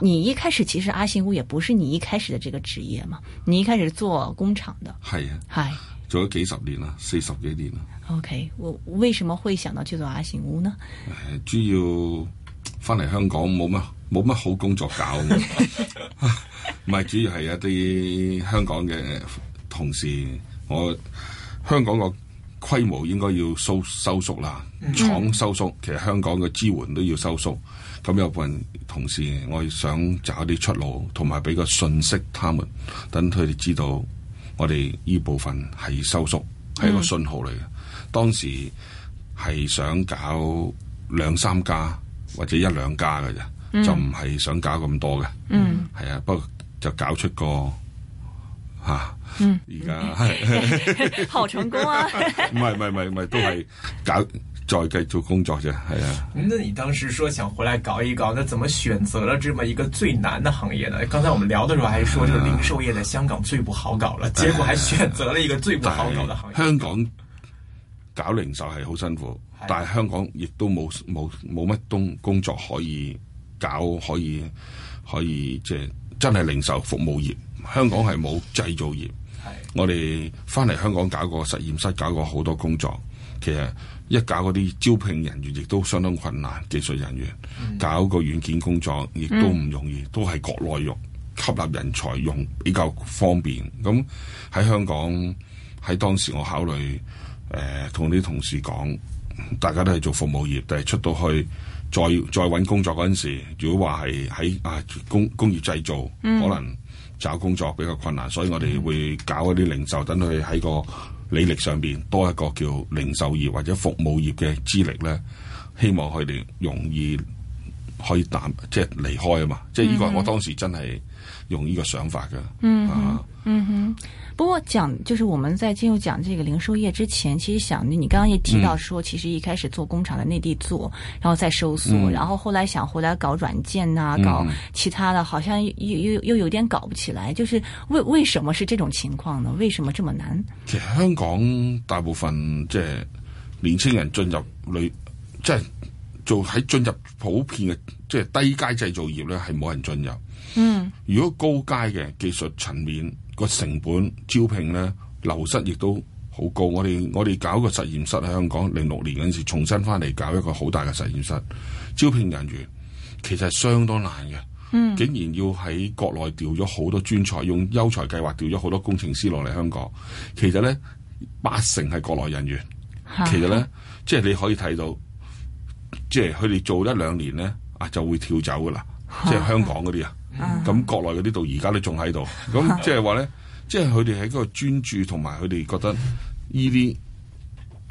你一開始其實阿信屋也不是你一開始的這個職業嘛？你一開始做工廠的。係啊，係做咗幾十年啦，四十幾年啦。OK，我為什麼會想到去做阿信屋呢？主要翻嚟香港冇乜冇乜好工作搞，唔係 主要係一啲香港嘅同事，我香港個規模應該要收收縮啦，廠、嗯、收縮，其實香港嘅支援都要收縮。咁有部分同事，我想找啲出路，同埋俾個信息，他們等佢哋知道，我哋呢部分係收縮，係一個信號嚟嘅。嗯、當時係想搞兩三家或者一兩家嘅啫。嗯、就唔係想搞咁多嘅。嗯，係啊，不過就搞出個吓，啊、嗯，而家係 好成功啊！唔係唔係唔係，都係搞。再繼續工作啫，係啊、嗯。那你當時說想回來搞一搞，那怎麼選擇了這麼一個最難的行業呢？剛才我們聊的時候，還說這個零售業在香港最不好搞了，啊、結果還選擇了一個最不好搞的行業。香港搞零售係好辛苦，啊、但係香港亦都冇冇冇乜工工作可以搞，可以可以即係真係零售服務業。香港係冇製造業，啊、我哋翻嚟香港搞過實驗室，搞過好多工作，其實。一搞嗰啲招聘人員亦都相當困難，技術人員、嗯、搞個軟件工作亦都唔容易，嗯、都係國內用吸納人才用比較方便。咁、嗯、喺香港喺當時我考慮，誒同啲同事講，大家都係做服務業，但係出到去再再搵工作嗰陣時，如果話，係喺啊工工業製造，嗯、可能找工作比較困難，所以我哋會搞一啲零售，等佢喺個。履歷上邊多一個叫零售業或者服務業嘅資歷咧，希望佢哋容易可以淡即係離開啊嘛！即係呢個，我當時真係用呢個想法嘅。嗯嗯哼。啊嗯哼不過講，就是我們在進入講這個零售業之前，其實想你，你剛剛也提到說，嗯、其實一開始做工廠在內地做，然後再收縮，嗯、然後後來想回來搞軟件吶、啊，嗯、搞其他的，好像又又又，又有點搞不起來。就是為為什麼是這種情況呢？為什麼這麼難？其實香港大部分即係、就是、年輕人進入裏，即係做喺進入普遍嘅即係低階製造業咧，係冇人進入。嗯，如果高階嘅技術層面個成本招聘，咧流失，亦都好高，我哋我哋搞個實驗室喺香港零六年陣時重新翻嚟搞一個好大嘅實驗室，招聘人員其實相當難嘅，嗯，竟然要喺國內調咗好多專才，用優才計劃調咗好多工程師落嚟香港，其實咧八成係國內人員，的其實咧即係你可以睇到，即係佢哋做一兩年咧啊就會跳走噶啦，的的即係香港嗰啲啊。咁、嗯、國內嗰啲度，而家都仲喺度。咁 即係話咧，即係佢哋喺嗰個專注同埋佢哋覺得呢啲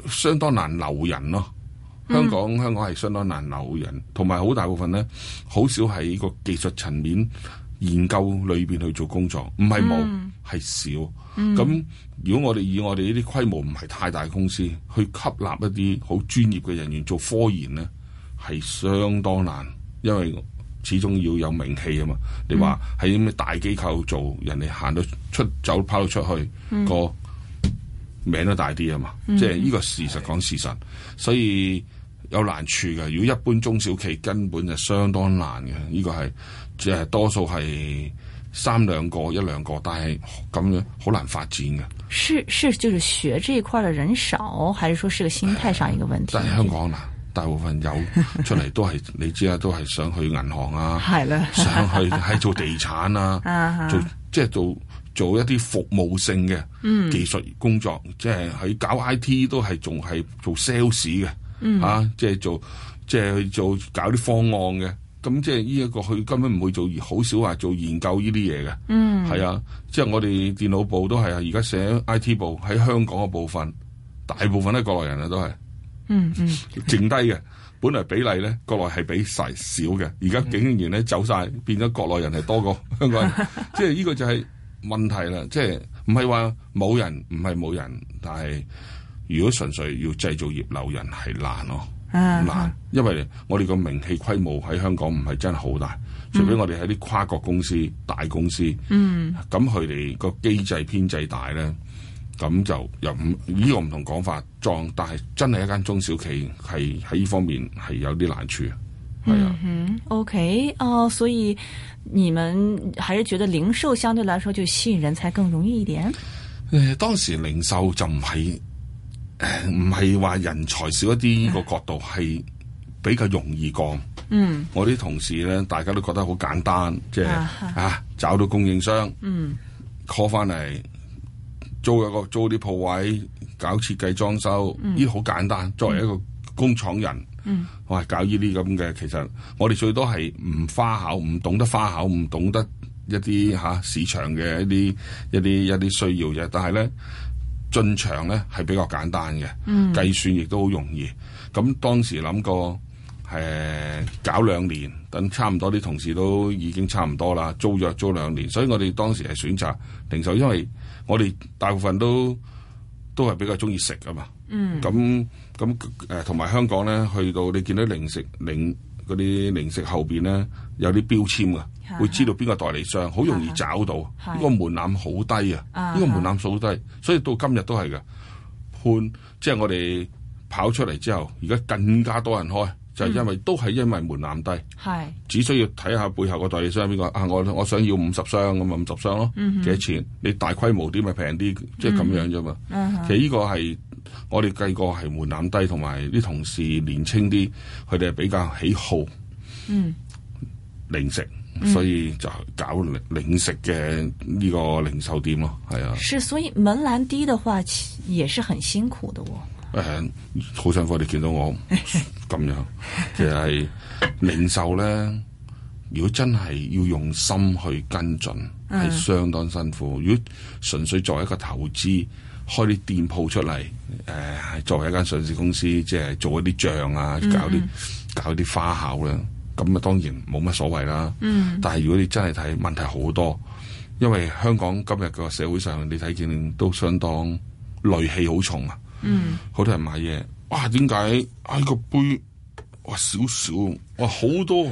相當難留人咯、哦。香港、嗯、香港係相當難留人，同埋好大部分咧，好少喺個技術層面研究裏邊去做工作，唔係冇，係、嗯、少。咁、嗯、如果我哋以我哋呢啲規模唔係太大公司去吸納一啲好專業嘅人員做科研咧，係相當難，因為。始終要有名氣啊嘛！嗯、你話喺啲咩大機構做，人哋行到出走都跑到出去，嗯、個名都大啲啊嘛！嗯、即係呢個事實講事實，嗯、所以有難處嘅。如果一般中小企，根本就相當難嘅。呢、這個係即係多數係三兩個一兩個，但係咁樣好難發展嘅。是是，就是學這塊嘅人少，還是說是個心態上一個問題？但係香港難。大部分有出嚟都係 你知啊，都係想去銀行啊，係啦，想 去喺做地產啊， 做即係做做一啲服務性嘅技術工作，嗯、即係喺搞 I T 都係仲係做 sales 嘅，嚇、嗯啊，即係做即係做搞啲方案嘅。咁即係呢一個佢根本唔會做，好少話做研究呢啲嘢嘅。嗯，係啊，即係我哋電腦部都係而家寫 I T 部喺香港嘅部分，大部分都係國內人啊，都係。嗯嗯，嗯剩低嘅，本來比例咧，國內係比細少嘅，而家竟然咧走晒，嗯、變咗國內人係多過香港人， 即係呢個就係問題啦。即係唔係話冇人，唔係冇人，但係如果純粹要製造業留人係難咯，難、啊，因為我哋個名氣規模喺香港唔係真係好大，除非我哋喺啲跨國公司、大公司，嗯，咁佢哋個機制編制大咧。咁就又唔呢個唔同講法，撞，但係真係一間中小企係喺呢方面係有啲難處啊。係啊。嗯 ok 哦，嗯 okay. uh, 所以你們還是覺得零售相對來說就吸引人才更容易一點。誒，當時零售就唔係唔係話人才少一啲個角度係比較容易降、啊。嗯，我啲同事咧大家都覺得好簡單，即係啊，啊，啊，找到供應商，嗯，call 翻嚟。租一個租啲鋪位，搞設計裝修，呢好、嗯、簡單。作為一個工廠人，嗯、哇，搞呢啲咁嘅，其實我哋最多係唔花巧，唔懂得花巧，唔懂得一啲嚇、啊、市場嘅一啲一啲一啲需要嘅。但係咧進場咧係比較簡單嘅，嗯、計算亦都好容易。咁當時諗過誒、呃，搞兩年，等差唔多啲同事都已經差唔多啦，租約、租約租兩年。所以我哋當時係選擇零售，因為。我哋大部分都都係比較中意食啊嘛，咁咁誒同埋香港咧，去到你見到零食零啲零食後邊咧有啲標籤啊，會知道邊個代理商，好容易找到，呢、嗯、個門檻好低啊，呢、嗯、個門檻好低，、嗯、數低，所以到今日都係嘅，判即係我哋跑出嚟之後，而家更加多人開。就因為都係因為門檻低，是只需要睇下背後個代理商係邊個啊！我我想要五十箱咁啊，五十箱咯，幾多、嗯、哼錢？你大規模啲咪平啲，即係咁樣啫嘛。嗯、哼其實呢個係我哋計過係門檻低，同埋啲同事年輕啲，佢哋係比較喜好、嗯、零食，所以就搞零食嘅呢個零售店咯。係啊，所以門檻低嘅話，也是很辛苦嘅我誒，好辛苦你見到我。 咁樣， 其實係零售咧，如果真係要用心去跟進，係相當辛苦。如果純粹作為一個投資，開啲店鋪出嚟，誒、呃、作為一間上市公司，即係做一啲帳啊，搞啲、嗯嗯、搞啲花巧咧，咁啊當然冇乜所謂啦。嗯、但係如果你真係睇，問題好多，因為香港今日嘅社會上，你睇見都相當戾氣好重啊。好、嗯、多人買嘢。啊，點解啊個杯哇少少哇好多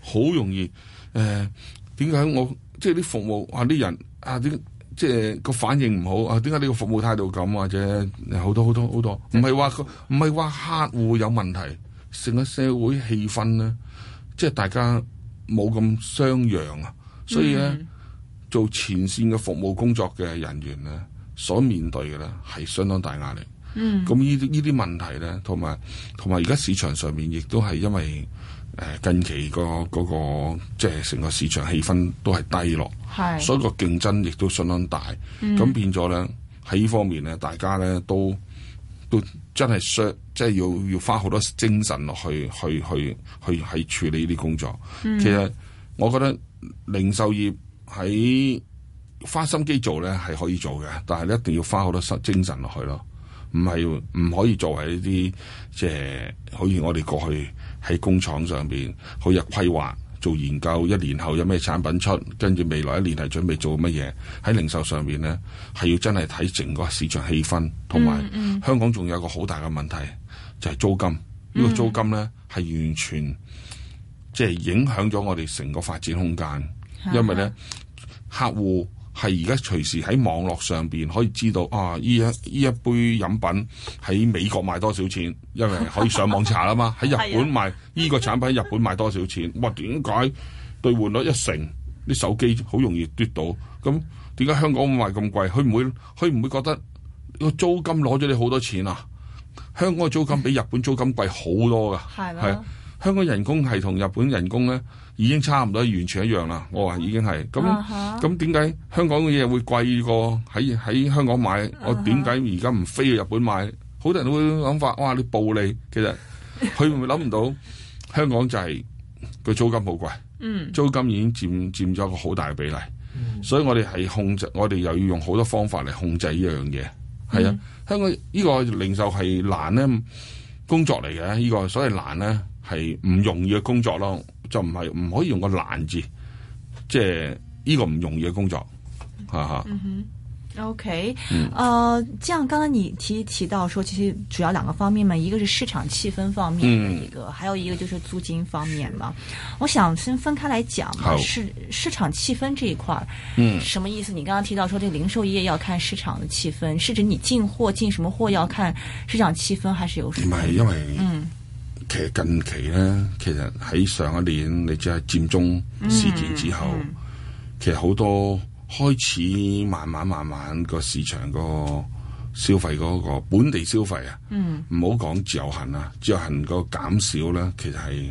好容易誒？點解我即係啲服務啊啲人啊點即係個反應唔好啊？點解呢個服務態度咁或者好多好多好多？唔係話唔係話客戶有問題，成個社會氣氛咧，即係大家冇咁相讓啊！所以咧啊，嗯，做前線嘅服務工作嘅人員咧，所面對嘅咧係相當大壓力。嗯，咁呢啲呢啲問題咧，同埋同埋而家市場上面亦都係因為誒、呃、近期、嗰個嗰、嗰個即係成個市場氣氛都係低落，係是所以個競爭亦都相當大。咁、嗯、變咗咧喺呢方面咧，大家咧都都真係需即係要、即係、要、要花好多精神落去去去去喺處理呢啲工作。嗯、其實我覺得零售業喺花心機做咧係可以做嘅，但係咧一定要花好多心精神落去咯。唔係唔可以作為一啲即係，好似我哋過去喺工廠上邊好有規劃做研究，一年後有咩產品出，跟住未來一年係準備做乜嘢？喺零售上面咧，係要真係睇整個市場氣氛，同埋、嗯嗯、香港仲有一個好大嘅問題就係、是、租金，呢個租金咧係、嗯、完全即係影響咗我哋成個發展空間，因為咧、嗯嗯、客戶。係而家隨時喺網絡上邊可以知道啊！依一依一杯飲品喺美國賣多少錢，因為可以上網查啊嘛。喺 日本賣依 個產品，喺日本賣多少錢？哇！點解兌換率一成啲手機好容易跌到咁？點解香港賣咁貴？佢唔會佢唔會覺得個租金攞咗你好多錢啊？香港嘅租金比日本租金貴好多噶，係 的。香港人工係同日本人工呢已經差唔多，完全一樣啦。我話已經係咁，咁點解香港嘅嘢會貴過喺喺香港買？Uh huh. 我點解而家唔飛去日本買？好多人都會諗法，哇！你暴利，其實佢會唔會諗唔到香港就係、是、個租金好貴，租金已經佔佔咗個好大嘅比例，uh huh. 所以我哋係控制，我哋又要用好多方法嚟控制呢樣嘢。係啊，uh huh. 香港呢、呢個零售係難呢工作嚟嘅，呢個、謂呢個所以難呢。係唔容易嘅工作咯，就唔係唔可以用個難字，即係呢、這個唔容易嘅工作，吓吓。OK，呃，這樣剛才你提提到說，其實主要兩個方面嘛，一個是市場氣氛方面，一個，嗯、還有一個就是租金方面嘛。我想先分開來講，好市市場氣氛這一塊，嗯，什麼意思？你剛剛提到說，這個、零售業要看市場的氣氛，是指你進貨進什麼貨要看市場氣氛，還是有什麼？唔係，因為嗯。其實近期咧，其實喺上一年你即係佔中事件之後，嗯、其實好多開始慢慢慢慢個市場個消費嗰、嗰個本地消費啊，唔好講自由行啊，自由行嗰個減少咧，其實係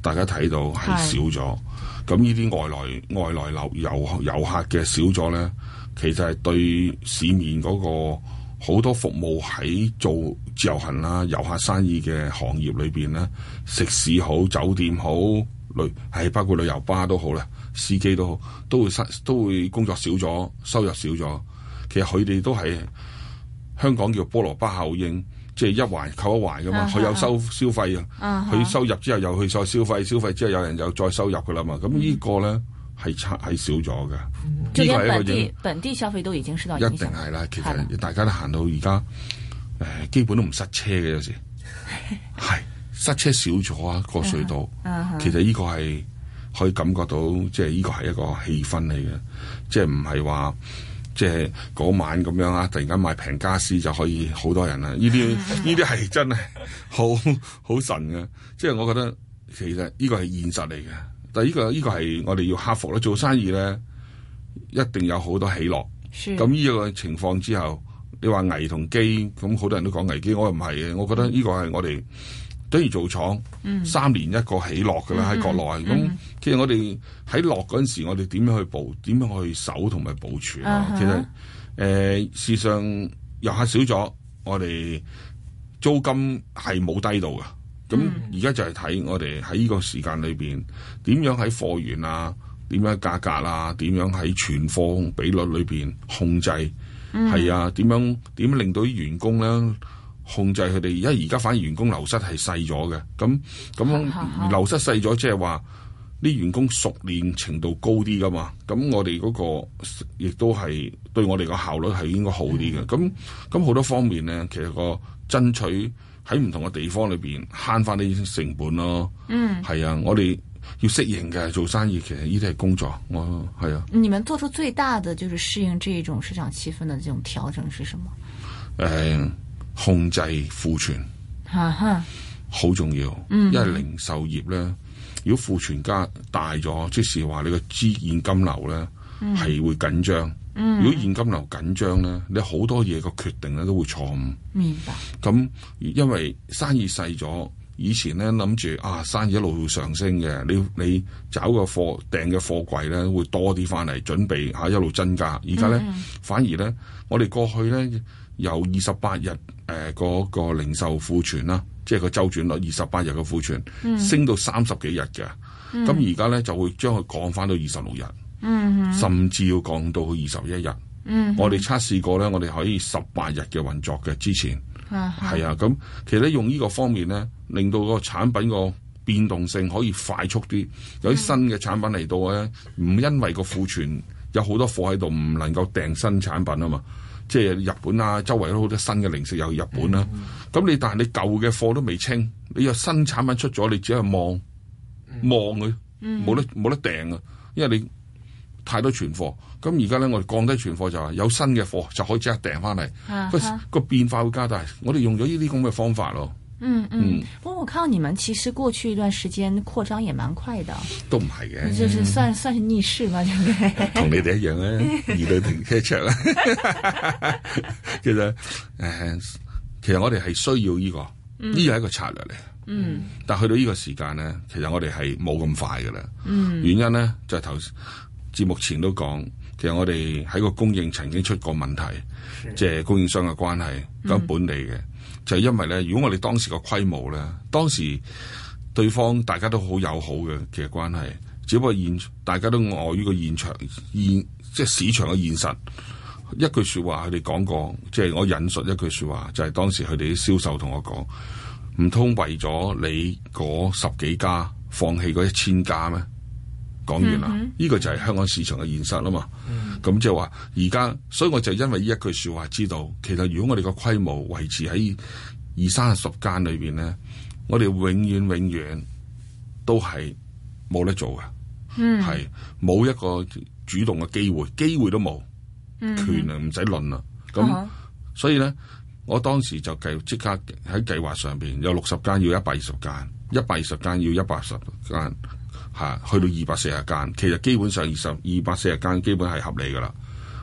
大家睇到係少咗。咁呢啲外來外來遊遊客嘅少咗咧，其實係對市面嗰個好多服務喺做。自由行啦，遊客生意嘅行業裏邊咧，食肆好，酒店好，旅，唉，包括旅遊巴都好啦，司機都好，都會失，都會工作少咗，收入少咗。其實佢哋都係香港叫菠羅巴效應，即係一環扣一環噶嘛。佢、uh huh. 有收消費啊，佢收入之後又去再消費，uh huh. 消費之後有人又再收入噶啦嘛。咁呢個咧係差係少咗嘅。就連本地本地消費都已經受到影響，一定係啦，其實大家都行到而家。基本都唔塞車嘅，有時係塞車少咗啊，過隧道。 其實呢個係可以感覺到，即係呢個係一個氣氛嚟嘅，即係唔係話即係嗰晚咁樣啊，突然間買平傢俬就可以好多人啊。呢啲呢啲係真係好好神嘅，即係我覺得其實呢個係現實嚟嘅，但係呢個呢個係我哋要克服咧。做生意咧，一定有好多起落。咁呢個情況之後。你話危同機，咁好多人都講危機，我又唔係嘅。我覺得呢個係我哋，比如做廠，三、嗯、年一個起落嘅啦，喺、嗯、國內。咁、嗯、其實我哋喺落嗰陣時，我哋點樣去保，點樣去守同埋部署？啊？Uh huh. 其實，誒、呃，事實上遊客少咗，我哋租金係冇低到嘅。咁而家就係睇我哋喺呢個時間裏邊，點、嗯、樣喺貨源啊，點樣價格啊，點樣喺存貨比率裏邊控制。係啊，點樣點令到啲員工咧控制佢哋？因為而家反而員工流失係細咗嘅。咁咁 流失細咗，即係話啲員工熟練程度高啲噶嘛。咁我哋嗰、嗰個亦都係對我哋個效率係應該好啲嘅。咁咁好多方面咧，其實個爭取喺唔同嘅地方裏邊慳翻啲成本咯。嗯，係啊，我哋。要適應嘅做生意，其實呢啲係工作，我係啊。你們做出最大的就是適應這種市場氣氛的這種調整是什麼？誒、呃，控制庫存，吓吓，好重要。嗯、因為零售業呢，如果庫存加大咗，即是話你個資現金流呢，係、嗯、會緊張。如果現金流緊張呢，你好多嘢個決定呢都會錯誤。明白。咁因為生意細咗。以前咧諗住啊，生意一路會上升嘅，你你找個貨訂嘅貨櫃咧會多啲翻嚟準備嚇、啊，一路增加。而家咧反而咧，我哋過去咧由二十八日誒嗰，呃那個零售庫存啦，即係個周轉率二十八日嘅庫存，mm hmm. 升到三十幾日嘅，咁而家咧就會將佢降翻到二十六日，mm hmm. 甚至要降到去二十一日。Mm hmm. 我哋測試過咧，我哋可以十八日嘅運作嘅之前。係啊，咁、uh huh. 其實用呢個方面咧，令到個產品個變動性可以快速啲。有啲新嘅產品嚟到咧，唔因為個庫存有好多貨喺度，唔能夠訂新產品啊嘛。即係日本啊，周圍都好多新嘅零食去日本啦、啊。咁、uh huh. 你但係你舊嘅貨都未清，你有新產品出咗，你只係望望佢，冇得冇得訂啊，因為你。太多存貨，咁而家咧我哋降低存貨就係有新嘅貨就可以即刻訂翻嚟，個變化會加大。我哋用咗呢啲咁嘅方法咯。嗯嗯，不過我看，你們其實過去一段時間擴張也蠻快的，都唔係嘅，就算算是逆市嘛，同你哋一樣咧，兒女停車場其實誒，其實我哋係需要呢個，呢個係一個策略嚟。嗯，但去到呢個時間咧，其實我哋係冇咁快㗎啦。原因咧就係頭。至目前都講，其實我哋喺個供應曾經出過問題，的即係供應商嘅關係，咁、嗯、本地嘅就係、是、因為咧，如果我哋當時個規模咧，當時對方大家都好友好嘅其實關係，只不過現大家都礙於個現場現即係市場嘅現實。一句説話佢哋講過，即係我引述一句説話，就係、是、當時佢哋啲銷售同我講，唔通為咗你嗰十幾家放棄嗰一千家咩？講完啦，呢、嗯、哼個就係香港市場嘅現實啦嘛。咁即係話，而家所以我就因為呢一句説話，知道其實如果我哋個規模維持喺二三十間裏邊咧，我哋永遠永遠都係冇得做嘅，係冇、嗯、一個主動嘅機會，機會都冇，嗯、哼權啊唔使論啦。咁、嗯、哼所以咧，我當時就計即刻喺計劃上邊，有六十間要一百二十間，一百二十間要一百十間。吓，去到二百四十間，其實基本上二十二百四十間基本係合理㗎喇。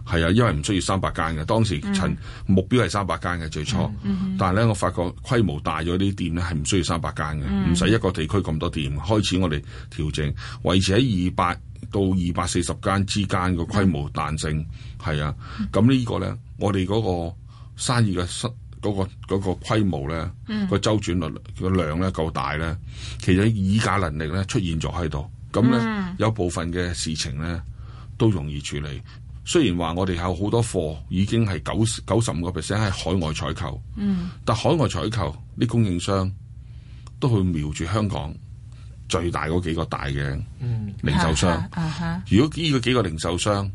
係啊，因為唔需要三百間嘅。當時趁目標係三百間嘅最初，但係咧，我發覺規模大咗啲店咧係唔需要三百間嘅，唔使一個地區咁多店。開始我哋調整維持喺二百到二百四十間之間嘅規模彈性。係啊，咁呢個咧，我哋嗰個生意嘅失。嗰、嗰個嗰、嗰個、規模咧，個、嗯、周轉率個量咧夠大咧，其實議價能力咧出現咗喺度，咁咧、嗯、有部分嘅事情咧都容易處理。雖然話我哋有好多貨已經係九九十五個 percent 喺海外採購，嗯、但海外採購啲供應商都去瞄住香港最大嗰幾個大嘅零售商。嗯嗯、如果呢個幾個零售商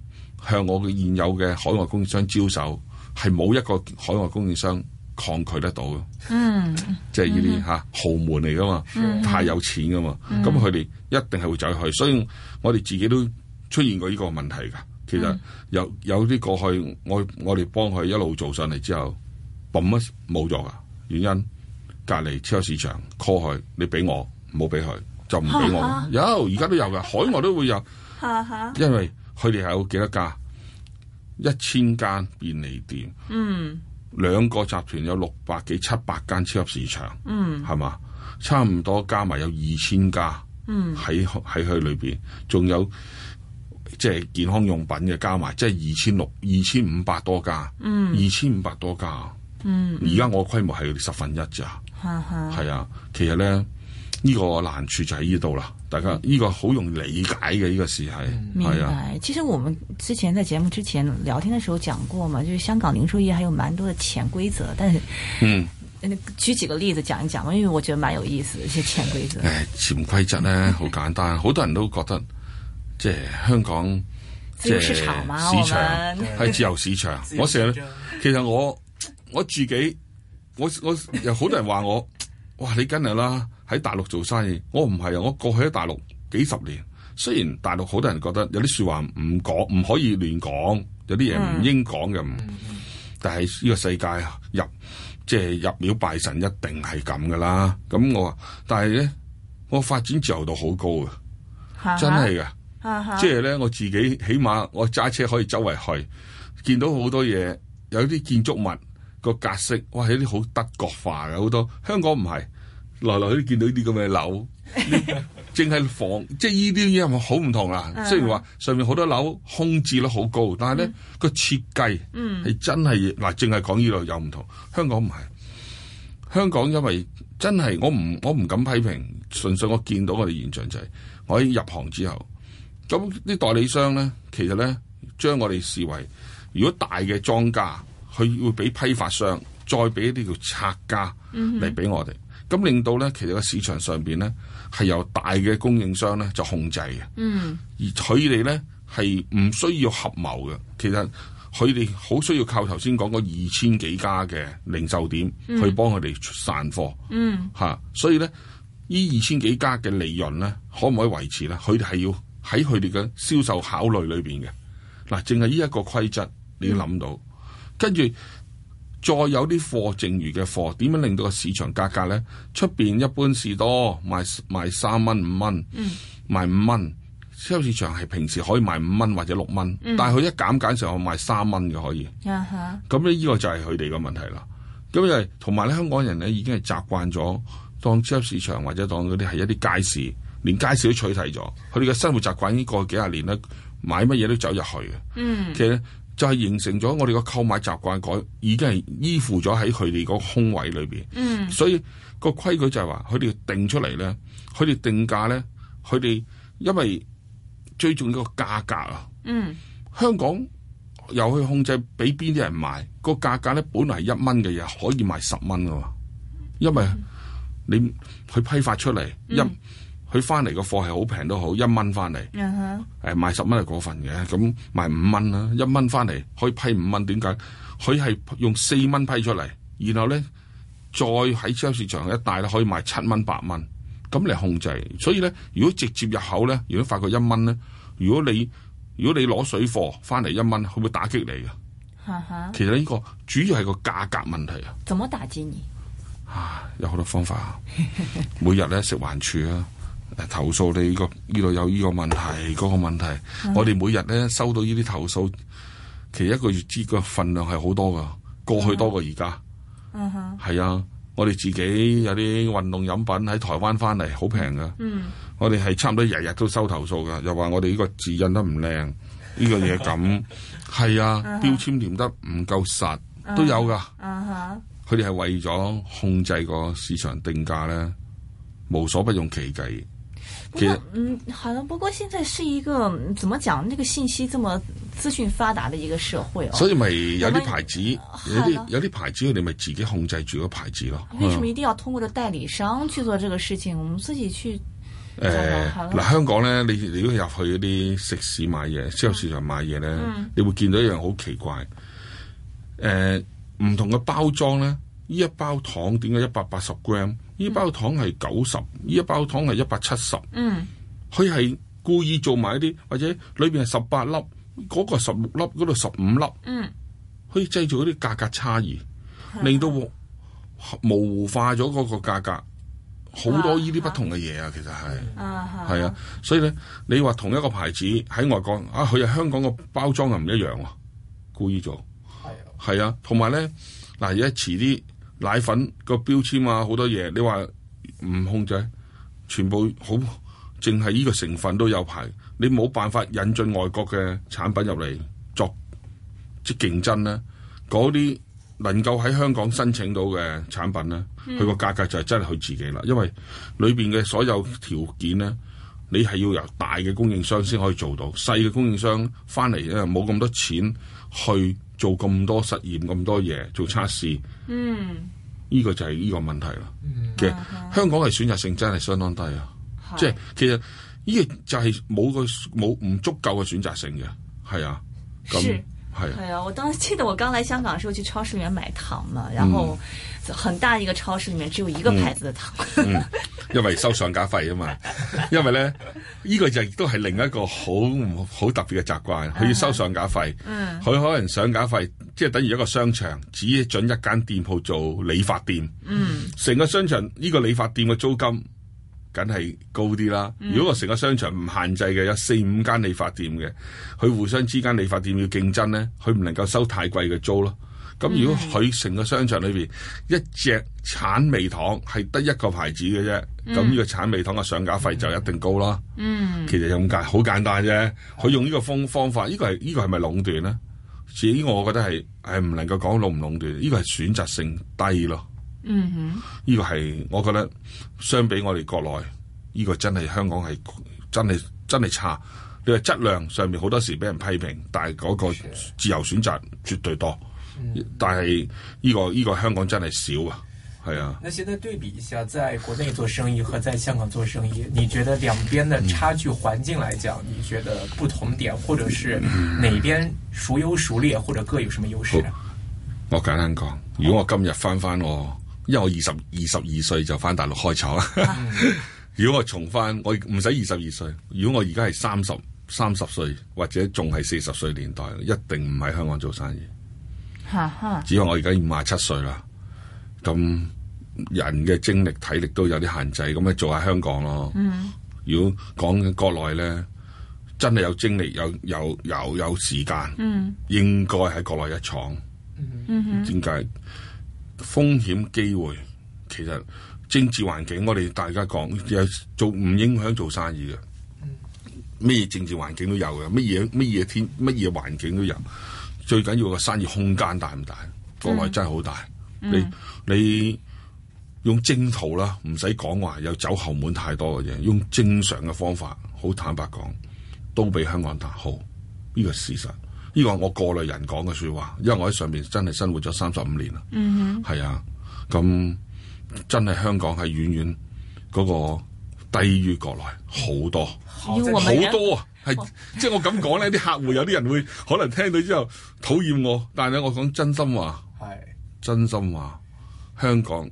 向我嘅現有嘅海外供應商招手，係冇一個海外供應商。抗拒得到嘅，嗯，即係呢啲吓豪門嚟噶嘛，嗯，太有錢噶嘛，咁佢哋一定係會走去，所以我哋自己都出現過呢個問題噶。其實有有啲過去，我我哋幫佢一路做上嚟之後嘣乜冇咗噶，原因隔籬超市場 call 佢，你俾我冇俾佢就唔俾我，我哈哈有而家都有噶，海外都會有，哈哈因為佢哋係有幾多家一千間便利店，嗯。兩個集團有六百幾、七百間超級市場，嗯，係嘛，差唔多加埋有二千家，嗯，喺喺佢裏邊，仲有即係、就是、健康用品嘅加埋，即係二千六、二千五百多家，嗯，二千五百多家，嗯，而家我規模係十分一咋，哈哈，係啊，其實咧。呢個難處就喺呢度啦，大家呢、這個好容易理解嘅呢、這個事係。明白啊。其實我們之前在節目之前聊天嘅時候講過嘛，就係、香港零售業還有蠻多嘅潛規則，但係，嗯，舉幾個例子講一講嘛，因為我覺得蠻有意思一些潛規則。誒，潛規則咧好簡單，好、嗯、多人都覺得即係香港，自由市場嘛場對自由市場。我成經，日，其實我 我自己，我我，我有好多人話我，哇！你跟嚟啦。喺大陸做生意，我唔係啊！我過去喺大陸幾十年，雖然大陸好多人覺得有啲説話唔講，唔可以亂講，有啲嘢唔應講嘅，嗯、但係呢個世界入即係、就是、入廟拜神一定係咁噶啦。咁我話，但係咧，我發展自由度好高啊，哈哈真係嘅，即係咧我自己，起碼我揸車可以周圍去，見到好多嘢，有啲建築物個格式，哇！有啲好德國化嘅好多，香港唔係。來來去去見到呢啲咁嘅樓，淨係 房即係呢啲嘢，係咪好唔同啦。Huh. 雖然話上面好多樓空置率好高，但係咧、mm hmm. 個設計係真係嗱，淨係講呢度有唔同。香港唔係香港，因為真係我唔我唔敢批評，純粹我見到我哋現場就係我喺入行之後，咁啲代理商咧，其實咧將我哋視為如果大嘅莊家，佢會俾批發商再俾啲叫拆家，嚟俾我哋。Hmm. 咁令到咧、嗯，其實個市場上邊咧係由大嘅供應商咧就控制嘅，而佢哋咧係唔需要合謀嘅。其實佢哋好需要靠頭先講嗰二千幾家嘅零售點去幫佢哋散貨，吓、嗯嗯啊。所以咧，呢二千幾家嘅利潤咧，可唔可以維持咧？佢哋係要喺佢哋嘅銷售考慮裏邊嘅。嗱、啊，淨係呢一個規則你要諗到，嗯、跟住。再有啲貨剩餘嘅貨，點樣令到個市場價格咧？出邊一般士多賣賣三蚊五蚊，賣五蚊。超級、嗯、市場係平時可以賣五蚊或者六蚊，嗯、但係佢一減減時候賣三蚊嘅可以。咁呢呢個就係佢哋嘅問題啦。咁因為同埋咧，香港人咧已經係習慣咗當超級市場或者當嗰啲係一啲街市，連街市都取締咗。佢哋嘅生活習慣已經過幾十年啦，買乜嘢都走入去嘅。嗯、其實。就係形成咗我哋個購買習慣改，已經係依附咗喺佢哋個空位裏邊。嗯、所以個規矩就係話，佢哋定出嚟咧，佢哋定價咧，佢哋因為最重要個價格啊。嗯、香港又去控制俾邊啲人賣、個價格咧，本嚟一蚊嘅嘢可以賣十蚊㗎嘛，因為你去批發出嚟、嗯、一。佢翻嚟個貨係好平都好，一蚊翻嚟，誒、uh huh. 賣十蚊係過分嘅，咁賣五蚊啦，一蚊翻嚟可以批五蚊，點解佢係用四蚊批出嚟，然後咧再喺超市場一帶咧可以賣七蚊八蚊，咁嚟控制。所以咧，如果直接入口咧，如果發覺一蚊咧，如果你如果你攞水貨翻嚟一蚊，佢會打擊你㗎？Uh huh. 其實呢、這個主要係個價格問題啊。怎麼打擊你啊？有好多方法，每日咧食環署啊。 投訴你個呢度有呢個問題，嗰、那個問題，uh huh. 我哋每日咧收到呢啲投訴，其實一個月之個份量係好多㗎，過去多過而家。嗯係、uh huh. 啊，我哋自己有啲運動飲品喺台灣翻嚟，好平㗎。嗯、uh，huh. 我哋係差唔多日日都收投訴㗎，又話我哋呢個字印得唔靚，呢、這個嘢咁，係 啊，uh huh. 標籤黏得唔夠實都有㗎。佢哋係為咗控制個市場定價咧，無所不用其極。其實，嗯，好啦。不過現在是一個，怎麼講？那個信息這麼資訊發達的一個社會哦、啊。所以咪有啲牌子，有啲有啲牌子，你咪自己控制住個牌子咯。為什麼一定要通過個代理商去做這個事情？我們自己去。誒、呃，嗱、呃，香港咧，你如果入去啲食市買嘢、超、嗯、市就買嘢咧，嗯、你會見到一樣好奇怪。誒、呃，唔同嘅包裝咧。呢一包糖點解一百八十 gram？呢包糖係九十，呢一包糖係、mm. 一百七十。嗯，佢係故意做埋一啲，或者裏邊係十八粒，嗰、嗰個十六粒，嗰度十五粒。嗯，mm. 可以製造嗰啲價格差異，啊、令到模糊化咗嗰個價格。好多依啲不同嘅嘢啊，其實係，係啊，啊，啊，所以咧，你話同一個牌子喺外國，啊，佢喺香港個包裝又唔一樣、啊，故意做，係啊，同埋咧，嗱，而家遲啲。奶粉個標籤啊，好多嘢你話唔控制，全部好淨係呢個成分都有排。你冇辦法引進外國嘅產品入嚟作即競爭咧。嗰啲能夠喺香港申請到嘅產品咧，佢個價格就係真係佢自己啦，因為裏面嘅所有條件咧，你係要由大嘅供應商先可以做到，細嘅供應商返嚟咧冇咁多錢。去做咁多實驗咁多嘢做測試，嗯，呢個就係呢個問題啦。嘅香港嘅選擇性真係相當低啊，是即係其實呢個就係冇個冇唔足夠嘅選擇性嘅，係啊，咁係是啊，係啊。我當時知道我剛來香港嘅時候去超市裏面買糖嘛，然後。嗯很大一個超市裏面只有一個牌子的糖。嗯， 因為收上架費啊嘛。 因為呢，依、呢個就都係另一個好好特別嘅習慣，佢要收上架費。佢、uh huh. 可能上架費、uh huh. 即係等於一個商場只准一間店鋪做理髮店。嗯、uh，成、huh. 個商場呢、呢個理髮店嘅租金梗係高啲啦。Uh huh. 如果成個商場唔限制嘅有四五間理髮店嘅，佢互相之間理髮店要競爭呢，佢唔能夠收太貴嘅租咯。咁、嗯、如果佢成個商場裏邊一隻橙味糖係得一個牌子嘅啫，咁呢、嗯、個橙味糖嘅上架費就一定高啦。嗯，其實咁解，好簡單啫，佢用呢個方方法，呢、呢個係呢、呢個係咪壟斷咧？至於我覺得係係唔能夠講壟唔壟斷，呢、呢個係選擇性低咯。嗯哼，呢個係我覺得相比我哋國內呢、呢個真係香港係真係真係差。你話質量上面好多時俾人批評，但係嗰個自由選擇絕對多。嗯、但係呢、這個呢、這個香港真係少啊，係啊。那現在對比一下，在國內做生意和在香港做生意，你覺得兩邊的差距環境來講，你覺得不同點，或者是哪邊孰優孰劣，或者各有什麼優勢？我簡單講，如果我今日翻翻我，因為我二十二十二歲就翻大陸開廠。啊、 如果我重翻，我唔使二十二歲。如果我而家係三十三十歲或者仲係四十歲年代，一定唔喺香港做生意。只要我而家五十七歲啦，咁人嘅精力體力都有啲限制，咁咪做下香港咯。Mm hmm. 如果講國內咧，真係有精力有有有有時間，mm hmm. 應該喺國內一闖。點解？mm hmm. 風險機會其實政治環境我哋大家講做唔影響做生意嘅，咩政治環境都有嘅，乜嘢乜嘢天乜嘢環境都有。最緊要嘅生意空間大唔大？國內真係好大，嗯、你你用正途啦，唔使講話有走後門太多嘅嘢，用正常嘅方法，好坦白講，都比香港大，好，呢個係事實，呢個我過來人講嘅說話，因為我喺上面真係生活咗三十五年啦，係、嗯、哼啊，咁真係香港係遠遠嗰個低於國內好多、嗯、哼多，好多啊！係，即係我咁講咧，啲客戶有啲人會可能聽到之後討厭我，但係我講真心話，係是真心話。香港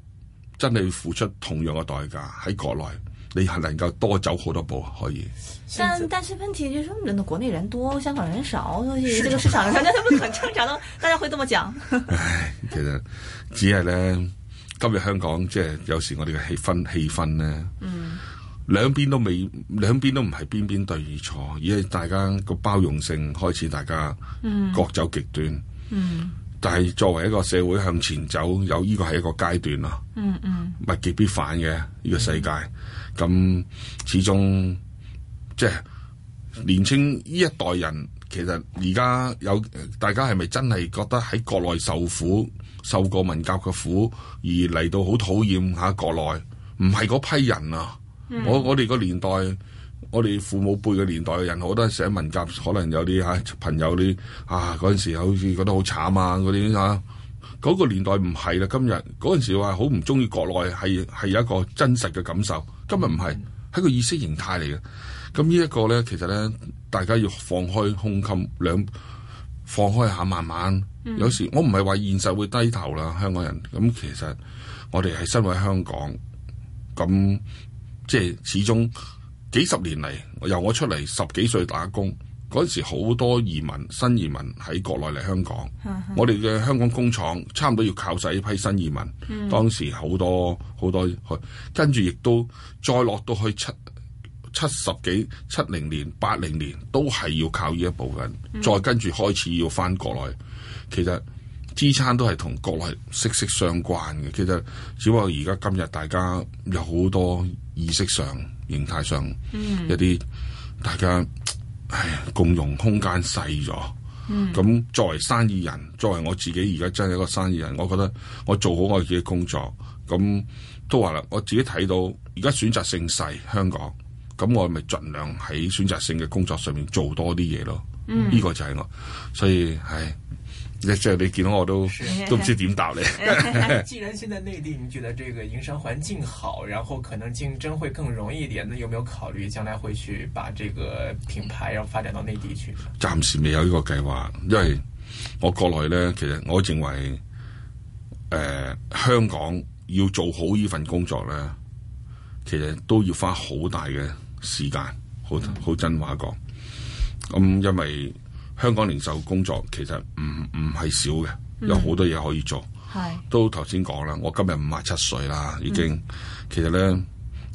真係要付出同樣嘅代價，喺國內你係能夠多走好多步，可以。但但是問題就係，人哋 國內人多，香港人少，所以呢個市場大家 都很正常的，大家會咁樣講。 唉，其實只係咧，今日香港即係有時我哋嘅氣氛氣氛咧，嗯。兩邊都未，兩邊都唔係邊邊對與錯，而係大家個包容性開始，大家各走極端。嗯。嗯，但係作為一個社會向前走，有呢個係一個階段咯、啊，嗯。嗯嗯。物極必反嘅呢、這個世界，咁、嗯、始終即係年青呢一代人，其實而家有大家係咪真係覺得喺國內受苦，受過文革嘅苦，而嚟到好討厭吓、啊、國內？唔係嗰批人啊！我我哋個年代，我哋父母輩嘅年代嘅人，好多時喺文革，可能有啲嚇、哎、朋友啲啊嗰陣時，好似覺得好慘啊嗰啲嚇嗰個年代唔係啦。今日嗰陣時話好唔中意國內，係係有一個真實嘅感受。今日唔係係個意識形態嚟嘅。咁呢一個咧，其實咧，大家要放開胸襟，兩放開下，慢慢有時、嗯、我唔係話現實會低頭啦，香港人咁其實我哋係身為香港咁。即係始終幾十年嚟，由我出嚟十幾歲打工嗰陣時，好多移民新移民喺國內嚟香港。是是我哋嘅香港工廠差唔多要靠晒呢批新移民。嗯、當時好多好多去跟住，亦都再落到去七七十幾七零年八零年，都係要靠呢一部分。嗯、再跟住開始要返國內，其實支撐都係同國內息息相關嘅。其實只不過而家今日大家有好多，意識上、形態上，嗯、一啲大家唉共用空間細咗，咁、嗯、作為生意人，作為我自己而家真係一個生意人，我覺得我做好我自己嘅工作，咁都話啦，我自己睇到而家選擇性細香港，咁我咪盡量喺選擇性嘅工作上面做多啲嘢咯，嗯、呢個就係我，所以唉。即係你見到我都是 都唔知點答你。 既然現在內地你覺得這個營商環境好，然後可能競爭會更容易一點，那有沒有考慮將來會去把這個品牌，要發展到內地去？暫時未有呢個計劃，因為我國內呢，其實我認為，誒、呃，香港要做好呢份工作呢，其實都要花好大嘅時間，好好、嗯、真話講。咁、嗯、因為。香港零售工作其實唔唔係少嘅，有好多嘢可以做。嗯、都頭先講啦，我今日五十七歲啦，已經、嗯、其實咧，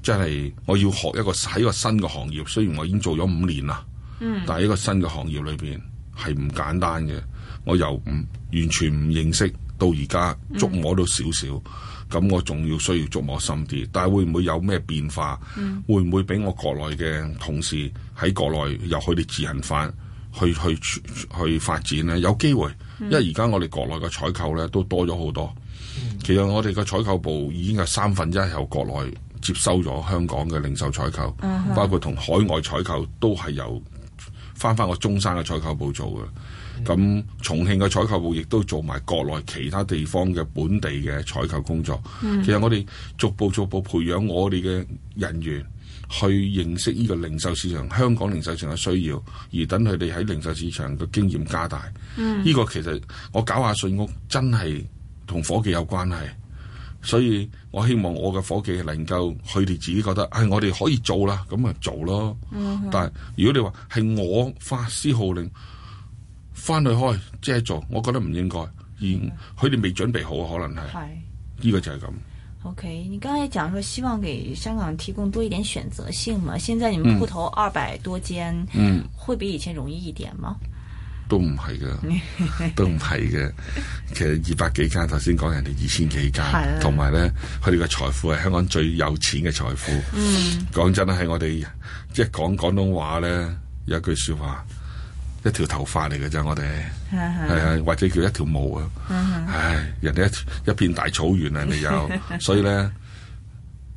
即係我要學一個喺個新嘅行業。雖然我已經做咗五年啦，嗯、但係喺一個新嘅行業裏邊係唔簡單嘅。我由唔完全唔認識，到而家捉摸到少少，咁、嗯、我仲要需要捉摸深啲。但係會唔會有咩變化？嗯、會唔會俾我國內嘅同事喺國內由佢哋自行翻？去去去發展咧，有機會，因為而家我哋國內嘅採購咧都多咗好多。其實我哋嘅採購部已經係三分一係由國內接收咗香港嘅零售採購，包括同海外採購都係由翻翻個中山嘅採購部做嘅。咁重慶嘅採購部亦都做埋國內其他地方嘅本地嘅採購工作。其實我哋逐步逐步培養我哋嘅人員。去認識呢個零售市場，香港零售市場嘅需要，而等佢哋喺零售市場嘅經驗加大。呢、嗯、個其實我搞下阿信屋真係同伙計有關係，所以我希望我嘅伙計能夠佢哋自己覺得係、哎、我哋可以做啦，咁咪做咯。嗯、哼但係如果你話係我發施號令翻去開即係做，我覺得唔應該，而佢哋未準備好可能係呢是個就係咁。O.K. 你剛才講說希望給香港提供多一點選擇性嘛？現在你們鋪頭二百多間，嗯，會比以前容易一點嗎？都唔係嘅， 都唔係嘅。其實二百幾間，頭先講人哋二千幾間，同埋的呢，佢哋嘅財富係香港最有錢嘅財富。嗯、講真係我哋，即係講廣東話呢，有一句說話。一條頭髮嚟嘅咋，我哋係啊，啊或者叫一條毛啊。唉，啊、人哋一一片大草原啊，你有， 所以咧，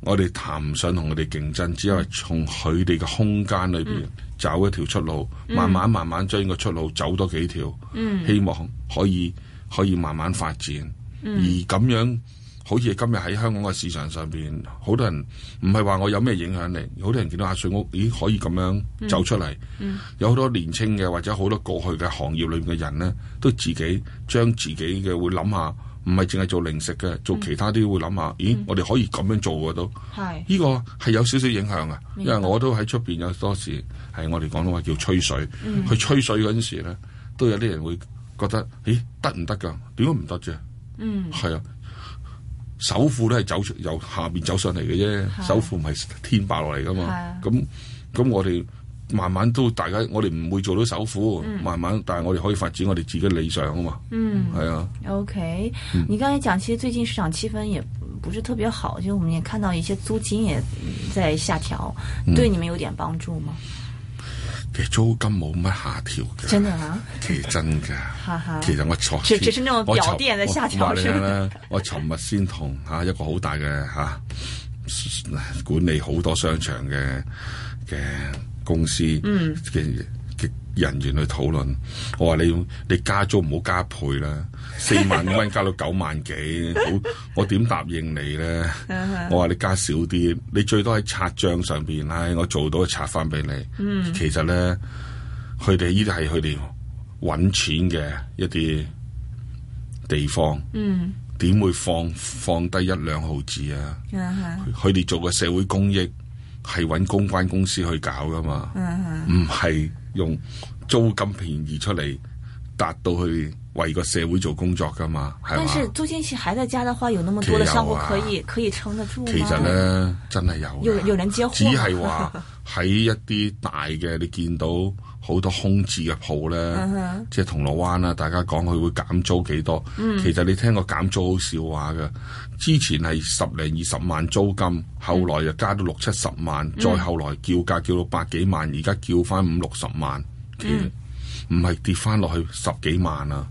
我哋談唔上同佢哋競爭，只係從佢哋嘅空間裏邊找一條出路，嗯、慢慢慢慢將個出路走多幾條，嗯、希望可以可以慢慢發展。嗯、而咁樣。好似今日喺香港嘅市場上邊，好多人唔係話我有咩影響力，好多人見到阿信屋，咦，可以咁樣走出嚟，嗯嗯、有好多年青嘅或者好多過去嘅行業裏面嘅人咧，都自己將自己嘅會諗下，唔係淨係做零食嘅，做其他啲會諗下，咦、嗯、我哋可以咁樣做嘅都係呢是個係有少少影響啊。因為我都喺出邊有多時係我哋廣東話叫吹水，嗯、去吹水嗰陣時咧，都有啲人會覺得咦，得唔得㗎？點解唔得啫？嗯，係啊。首富都係走由下邊走上嚟嘅啫。啊、首富唔係天霸落嚟噶嘛咁咁我哋慢慢都，大家我哋唔會做到首富，慢慢但係我哋可以發展我哋自己理想啊嘛。嗯，係啊。OK，嗯、你剛才講，其實最近市場氣氛也不是特別好，其實我們也看到一些租金也在下調，嗯、對你們有點幫助嗎？其實租金冇乜下調嘅，真啊、其實真噶，哈哈其實我才，我話 你聽啦，我尋日先同啊一個好大嘅吓、啊、管理好多商場嘅嘅公司，嗯。人員去討論，我話你你加租唔好加倍啦，四萬蚊加到九萬幾， 好，我點答應你咧？ 我話你加少啲，你最多喺拆賬上邊，唉、哎，我做到拆翻俾你。嗯、其實咧，佢哋呢啲係佢哋揾錢嘅一啲地方，點、嗯、會放放低一兩毫子啊？佢哋 做嘅社會公益。係搵公關公司去搞㗎嘛，唔係、uh huh。用租金便宜出嚟達到去。為個社會做工作噶嘛，係但是，是吧租金熙還在家的話，有那麼多嘅商戶可以、啊、可以撐得住？其實咧，真係有、啊、有有人接貨，只係話喺一啲大嘅，你見到好多空置嘅鋪咧， 即係銅鑼灣啦，大家講佢會減租幾多？嗯、其實你聽過減租好笑話嘅，之前係十零二十萬租金，後來又加到六七十萬，嗯、再後來叫價叫到百幾萬，而家叫翻五六十萬，其實唔係跌翻落去十幾萬啊！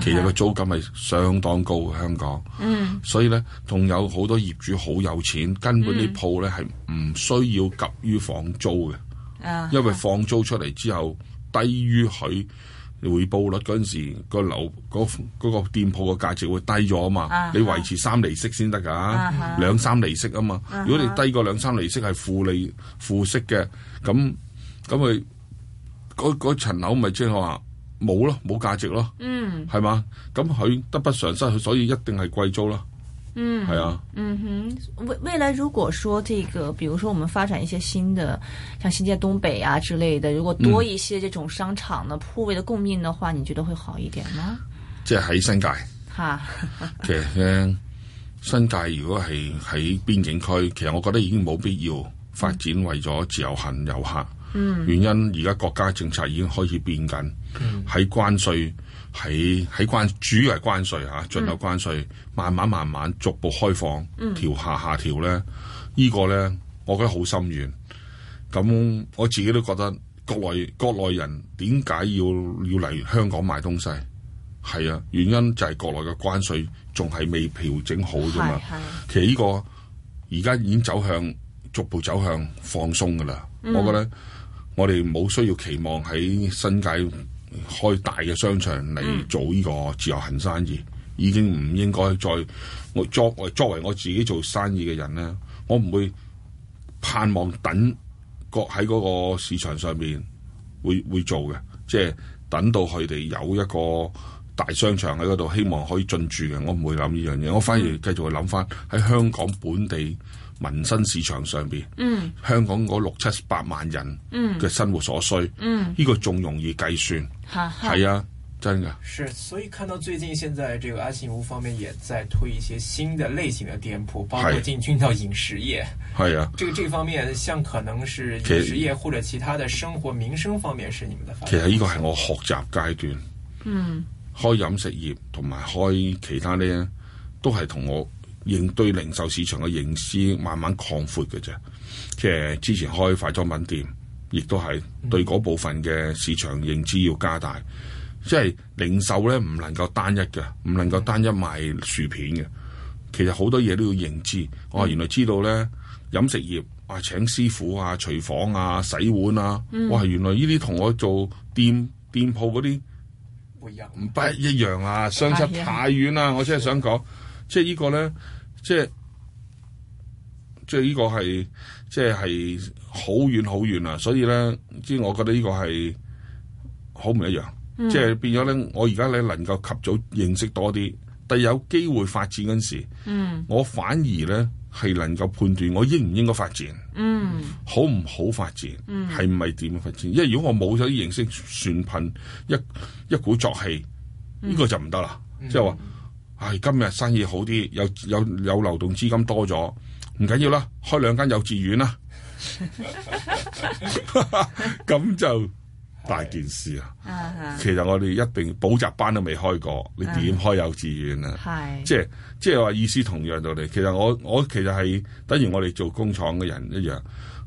其實個租金係相當高嘅香港，嗯、所以咧仲有好多業主好有錢，根本啲鋪咧係唔需要急於放租嘅，嗯、因為放租出嚟之後低於佢回報率嗰陣時，個樓、個店鋪嘅價值會低咗啊嘛，嗯、你維持三釐息先得㗎，兩三釐息啊嘛，嗯、如果你低過兩三釐息係負利負息嘅，咁咁佢嗰嗰層樓咪即係話？冇咯，冇價值咯，嗯，嗯，係嘛？咁佢得不償失，所以一定係貴租咯。嗯，係啊。嗯哼，未未來如果說這個，比如說我們發展一些新的，像新界東北啊之類的，如果多一些這種商場的鋪位的供應的話，嗯，你覺得會好一點嗎？即係喺新界吓， 其實新界如果係喺邊境區，其實我覺得已經冇必要發展為咗自由行遊客。原因而家國家政策已經開始變緊，喺、嗯、關稅喺喺關主要係關稅嚇、啊、進口關稅，嗯、慢慢慢慢逐步開放、嗯、調下下調咧。呢個、呢個咧，我覺得好心軟。咁、嗯、我自己都覺得國內國內人點解要要嚟香港買東西？係啊，原因就係國內嘅關稅仲係未調整好啫嘛。係啊、其實呢個而家已經走向逐步走向放鬆噶啦，嗯、我覺得。我哋冇需要期望喺新界開大嘅商場嚟做呢個自由行生意，嗯，已經唔應該再我作為作為我自己做生意嘅人咧，我唔會盼望等個喺嗰個市場上面會會做嘅，即係等到佢哋有一個大商場喺嗰度，希望可以進駐嘅，我唔會諗呢樣嘢，我反而繼續去諗翻喺香港本地。民生市場上邊，嗯、香港嗰六七百萬人嘅生活所需，呢、嗯、個仲容易計算，係、嗯、啊，啊，真嘅。是，所以看到最近現在，這個阿信屋方面也在推一些新的類型嘅店鋪，包括進軍到飲食業。係啊是，呢個、嗯、方面，像可能是飲食業或者其他的生活民生方面，是你們的。其實呢個係我學習階段，嗯，開飲食業同埋開其他呢，都係同我應對零售市場嘅認知慢慢擴闊嘅啫，即係之前開化妝品店，亦都係對嗰部分嘅市場認知要加大。嗯、即係零售咧，唔能夠單一嘅，唔能夠單一賣薯片嘅。其實好多嘢都要認知。我原來知道咧，飲食業哇、啊，請師傅啊、廚房啊、洗碗啊，嗯、哇，原來呢啲同我做店店鋪嗰啲唔不一樣啊，相差太遠啦、啊！我真係想講。即係呢個咧，即係即係呢個係，即係好遠好遠啦。所以咧，即係我覺得呢個係好唔一樣。嗯、即係變咗咧，我而家咧能夠及早認識多啲，但有機會發展嗰陣時，嗯、我反而咧係能夠判斷我應唔應該發展，嗯、好唔好發展，係唔係點樣發展。因為如果我冇咗啲認識選品，一一鼓作氣，呢個就唔得啦。即係話。係今日生意好啲，有有有流動資金多咗，唔緊要啦，開兩間幼稚園啦，咁 就大件事的啊的！其實我哋一定補習班都未開過，你點開幼稚園啊？係，即係即係話意思同樣道理，其實我我其實係，等於我哋做工廠嘅人一樣，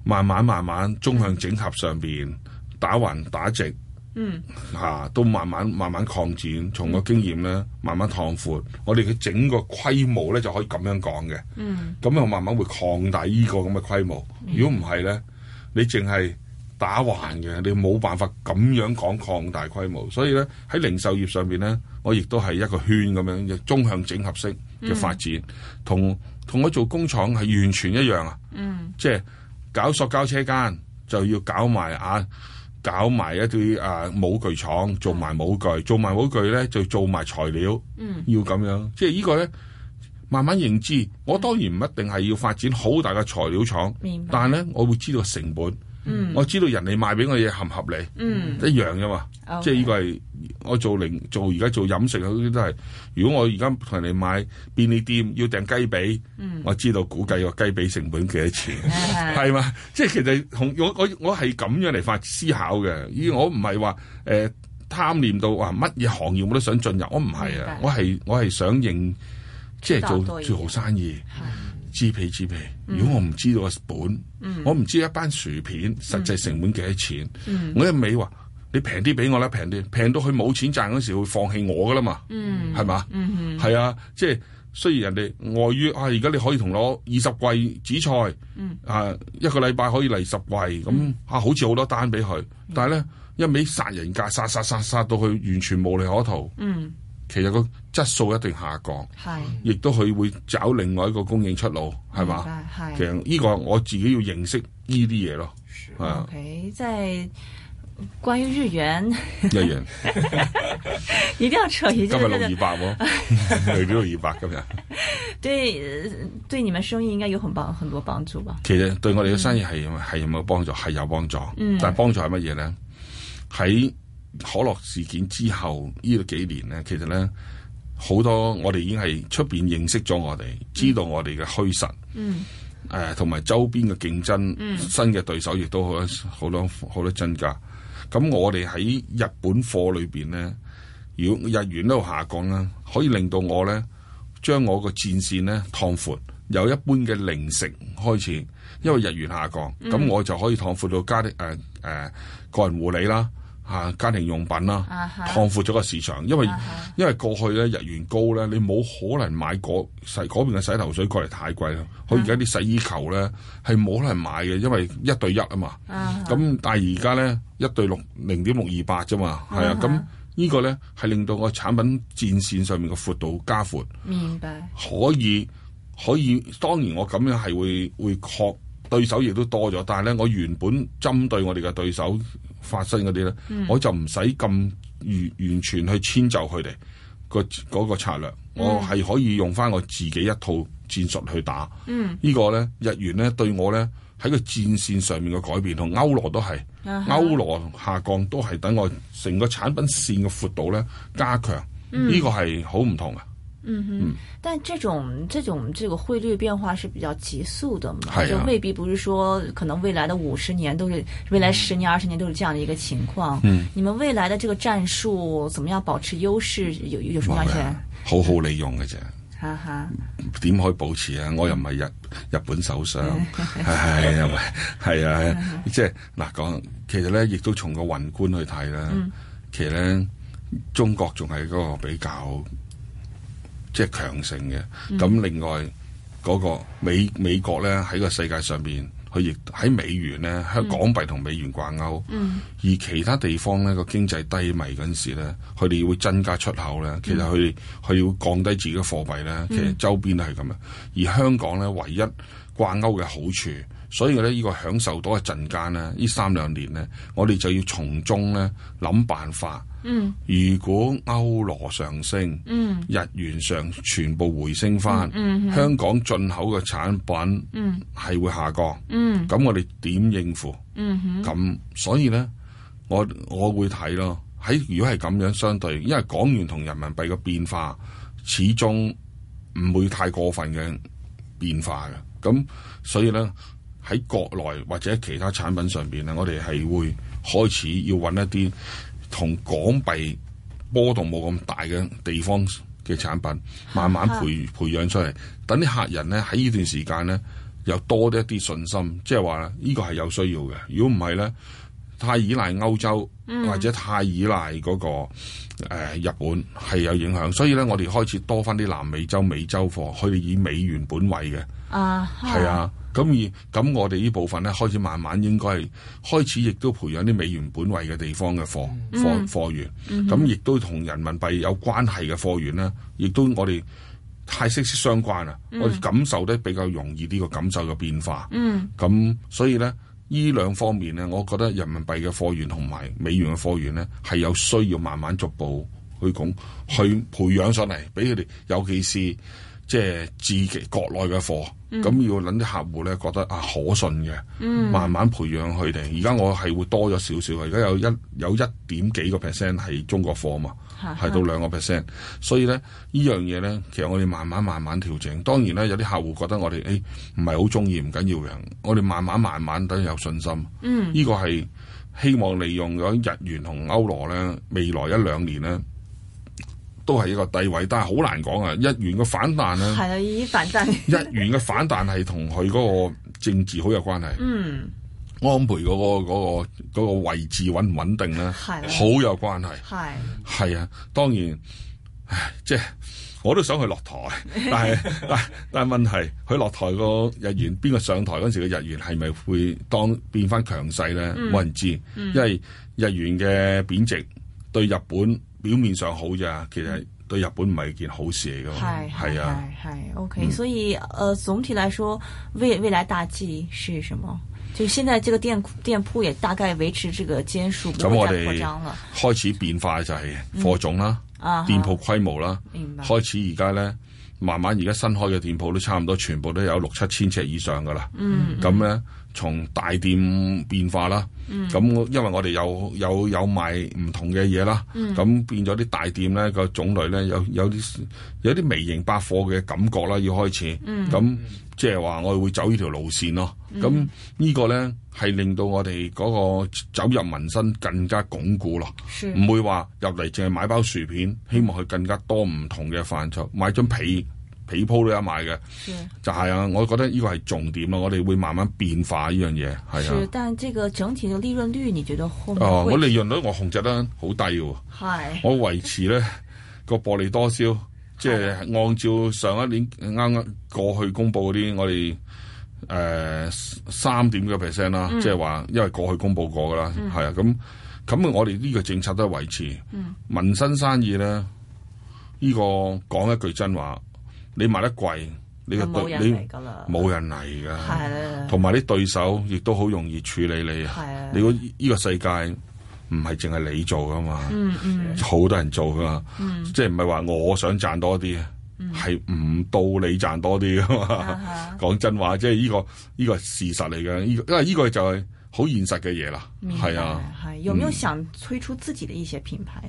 慢慢慢慢縱向整合上邊，的打橫打直。嗯，嚇、啊，都慢慢慢慢擴展，從個經驗咧，慢慢擴闊，我哋嘅整個規模咧就可以咁樣講嘅。嗯，咁樣慢慢會擴大呢個咁嘅規模。如果唔係咧，你淨係打橫嘅，你冇辦法咁樣講擴大規模。所以咧喺零售業上邊咧，我亦都係一個圈咁樣嘅縱向整合式嘅發展，同同、嗯、我做工廠係完全一樣啊。嗯，即係搞塑膠車間就要搞埋啊。搞埋一啲啊，模具廠做埋模具，做埋模具咧就做埋材料，嗯、要咁樣，即係呢個咧慢慢認知。嗯、我當然唔一定係要發展好大嘅材料廠，明白。但係咧我會知道成本。Mm. 我知道人哋賣俾我嘢合唔合理，mm. 一樣嘅嘛。Okay. 即係呢個係我做零做而家做飲食嗰啲都係。如果我而家同人哋買便利店要訂雞髀，mm. 我知道估計個雞髀成本幾多錢，係嘛、mm. 吧？ 即係其實我我我係咁樣嚟發思考嘅。而、mm. 我唔係話誒貪念到話乜嘢行業我都想進入，我唔係啊，我係我係想認即係做多多做,做好生意。知皮知皮，如果我唔知道個本，嗯、我唔知一班薯片實際成本幾多錢，嗯嗯、我一味話你平啲俾我啦，平啲，平到佢冇錢賺嗰時會放棄我噶啦嘛，係嘛？係啊，即係雖然人哋礙於啊，而家你可以同攞二十櫃紫菜，嗯、啊一個禮拜可以嚟十櫃，咁、嗯嗯、啊好似好多單俾佢，但係咧一味殺人價，殺殺殺殺到佢完全無利可圖。嗯其實個質素一定下降，係，亦都佢會找另外一個供應出路，係嘛？係。其實呢個我自己要認識呢啲嘢咯。OK，即係關於日元，日元一定要扯，今日六二八喎，嚟六二八咁樣。對對，你們生意應該有很幫很多幫助吧？其實對我哋嘅生意係係有冇幫助？係有幫助，嗯，但係幫助係乜嘢咧？喺可樂事件之後呢幾年咧，其實咧好多我哋已經係出邊認識咗我哋，知道我哋嘅虛實。嗯。誒，同埋周邊嘅競爭，嗯，新嘅對手亦都好多好多好多增加。咁我哋喺日本貨裏邊咧，如果日元喺度下降啦，可以令到我咧將我個戰線咧擴闊，由一般嘅零食開始，因為日元下降，咁我就可以擴闊到加啲誒誒個人護理啦。嚇、啊、家庭用品啦、啊，擴闊咗個市場，因為、uh huh. 因為過去咧日元高咧，你冇可能買嗰洗嗰邊嘅洗頭水過嚟太貴啦。佢而家啲洗衣球咧係冇可能買嘅，因為一對一啊嘛。咁、uh huh. 但係而家咧一對六零點六二八啫嘛，係、uh huh. 啊。咁呢個咧係令到個產品戰線上面嘅闊度加闊，明白、uh huh. 可以可以，可以。當然我咁樣係會會確。對手亦都多咗，但係咧，我原本針對我哋嘅對手發生嗰啲咧，嗯、我就唔使咁完完全去遷就佢哋個嗰個策略，嗯、我係可以用翻我自己一套戰術去打。嗯，個呢個咧，日元咧對我咧喺個戰線上面嘅改變同歐羅都係歐羅下降都係等我成個產品線嘅闊度咧加強，呢、嗯、個係好唔同啊！嗯哼，但這種這種這個匯率變化是比較急速的嘛，啊、就未必不是說可能未來的五十年都是未來十年二十年都是這樣的一個情況。嗯，你們未來的這個戰術怎麼樣保持優勢？有有什麼關係、啊？好好利用嘅啫，啊、嗯、哈，哈，點可以保持啊？我又唔係日日本首相，係 啊，喂、係啊，即係嗱講，其實咧亦都從個宏觀去睇啦。嗯、其實咧中國仲係嗰個比較。即係強盛嘅，咁另外嗰個美美國咧喺個世界上邊，佢亦喺美元咧，香港幣同美元掛鈎，嗯、而其他地方咧個經濟低迷嗰陣時咧，佢哋會增加出口咧，其實佢佢要降低自己嘅貨幣咧，其實周邊都係咁啊，而香港咧唯一掛鈎嘅好處，所以咧呢、呢個享受到一陣間咧，呢三兩年咧，我哋就要從中咧諗辦法。嗯，如果歐羅上升，嗯，日元上全部回升翻，嗯，嗯，香港進口嘅產品，嗯，係會下降，嗯，咁我哋點應付？嗯哼，咁所以咧，我我會睇咯。喺如果係咁樣相對，因為港元同人民幣嘅變化始終唔會太過分嘅變化嘅，咁所以咧喺國內或者其他產品上邊咧，我哋係會開始要揾一啲。同港幣波動冇咁大嘅地方嘅產品，慢慢培培養出嚟，等啲客人咧喺呢段時間咧又多啲一啲信心，即係話呢個係有需要嘅。如果唔係咧，太依賴歐洲或者太依賴嗰個、呃、日本係有影響，所以咧我哋開始多返啲南美洲美洲貨，佢哋以美元本位嘅，係、uh huh. 啊。咁而咁我哋呢部分咧，開始慢慢應該係開始，亦都培養啲美元本位嘅地方嘅貨、嗯、貨貨源。咁、嗯、哼亦都同人民幣有關係嘅貨源咧，亦都我哋太息息相關啊。嗯、我哋感受得比較容易呢個感受嘅變化。咁、嗯、所以咧，呢兩方面咧，我覺得人民幣嘅貨源同埋美元嘅貨源咧，係有需要慢慢逐步去講去培養上嚟，俾佢哋，尤其是即係自己國內嘅貨。咁、嗯、要諗啲客戶咧覺得啊可信嘅，慢慢培養佢哋。而家、嗯、我係會多咗少少，而家有一有一點幾個 percent 係中國貨嘛，係、嗯、到兩個 percent。所以咧呢樣嘢咧，其實我哋慢慢慢慢調整。當然咧有啲客戶覺得我哋誒唔係好中意，唔緊要嘅。我哋慢慢慢慢等有信心。嗯，呢個係希望利用咗日元同歐羅咧，未來一兩年咧。都係一個地位，但係好難講啊！日元嘅反彈咧，係啊，依反彈。日元嘅反彈係同佢嗰個政治好有關係。嗯，安倍嗰個、嗰個、嗰個位置穩唔穩定咧？係好的有關係。係係啊，當然，唉即係我都想去落台，但係 但但係問題，佢落台個日元，邊個上台嗰時嘅日元係咪會當變翻強勢咧？冇、嗯、人知，嗯、因為日元嘅貶值。對日本表面上好啫，其實對日本唔係件好事嚟噶，係 啊，係 OK。 嗯、所以，誒、呃，總體來說未未來大計是什麼？就現在，這個店店鋪也大概維持這個間數，咁我哋張開始變化就係貨種啦，嗯、店鋪規模啦，嗯嗯、開始而家咧，慢慢而家新開嘅店鋪都差唔多，全部都有六七千尺以上噶啦，咁咧、嗯。嗯從大店變化啦，咁、嗯、因為我哋有有有賣唔同嘅嘢啦，咁、嗯、變咗啲大店咧個種類咧有有啲有啲微型百貨嘅感覺啦，要開始，咁即係話我哋會走呢條路線咯。咁、嗯、呢個咧係令到我哋嗰個走入民生更加鞏固啦，唔是會話入嚟淨係買包薯片，希望佢更加多唔同嘅飯菜，買張被。被鋪都有賣嘅，是就係啊！我覺得呢個係重點啊，我哋會慢慢變化呢樣嘢，係啊。但係呢個整體嘅利潤率，你覺得控、呃？我利潤率我控制得好低喎、啊。是我維持咧 個薄利多銷，即係按照上一年啱啱過去公佈嗰啲，我哋誒三點幾 percent 啦，即係話因為過去公佈過噶啦，係、嗯、啊。咁咁我哋呢個政策都係維持。嗯、民生生意咧，呢、呢個講一句真話。你賣得貴，你個對你冇人嚟噶，同埋啲對手亦都好容易處理你啊！的你個依個世界唔係淨係你做噶嘛，嗯嗯的，好多人做噶，嗯，嗯，即係唔係話我想賺多啲，係唔、嗯、到你賺多啲噶嘛？ 講真話，即係依、這個依、這個事實嚟嘅，呢個因為依個就係好現實嘅嘢啦，係啊的。係有冇想推出自己嘅一些品牌？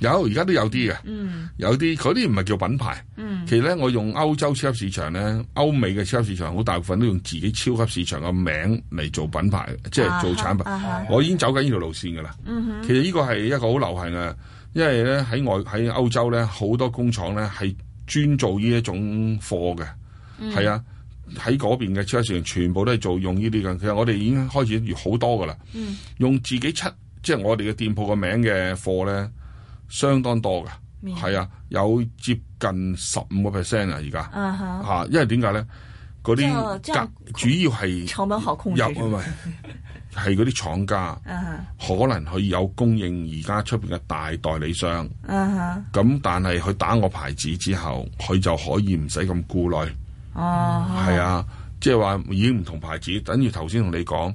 有，而家都有啲嘅。嗯、有啲嗰啲唔係叫品牌。嗯、其實咧，我用歐洲超級市場咧，歐美嘅超級市場好大部分都用自己超級市場嘅名嚟做品牌，即係做產品。啊啊啊啊、我已經走緊呢條路線㗎啦。嗯、哼其實呢個係一個好流行嘅，因為咧喺外喺歐洲咧好多工廠咧係專做呢一種貨嘅，係、嗯、啊喺嗰邊嘅超級市場全部都係做用呢啲嘅。其實我哋已經開始好多㗎啦，用自己出即係我哋嘅店鋪個名嘅貨咧。相當多嘅，係啊，有接近十五個 percent 啊，而家嚇，因為點解咧？嗰啲隔主要係入啊咪，係嗰啲廠家，可能佢有供應而家出邊嘅大代理商。咁、啊、哈但係佢打我牌子之後，佢就可以唔使咁顧慮。係、嗯、啊，即係話已經唔同牌子，等於頭先同你講。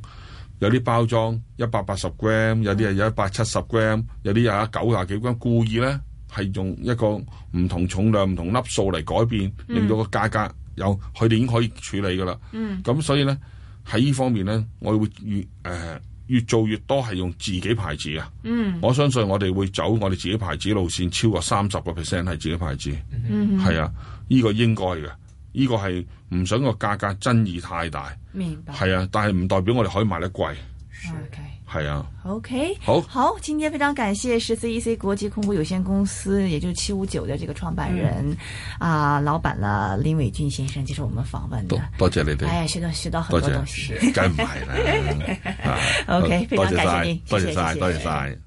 有啲包裝一百八十 gram，有啲係有一百七十 gram，有啲係九廿幾 gram。故意咧係用一個唔同重量、唔同粒數嚟改變，令到個價格有佢哋已經可以處理噶啦。咁、嗯、所以咧喺呢方面咧，我會越誒、呃、越做越多係用自己牌子啊。嗯、我相信我哋會走我哋自己牌子嘅路線，超過三十個 percent 係自己牌子。係、嗯、哼啊，呢、呢個應該嘅。呢個係唔想個價格爭議太大，明白係啊，但係唔代表我哋可以賣得貴，係啊，OK，好，好，今天非常感謝係 C E C 國際控股有限公司，也就係七五九的這個創辦人啊，老闆啦林偉駿先生，接受我哋訪問，多謝你哋，哎，學到學到好多東西，梗唔係啦，OK，非常感謝你，多謝晒，多謝晒。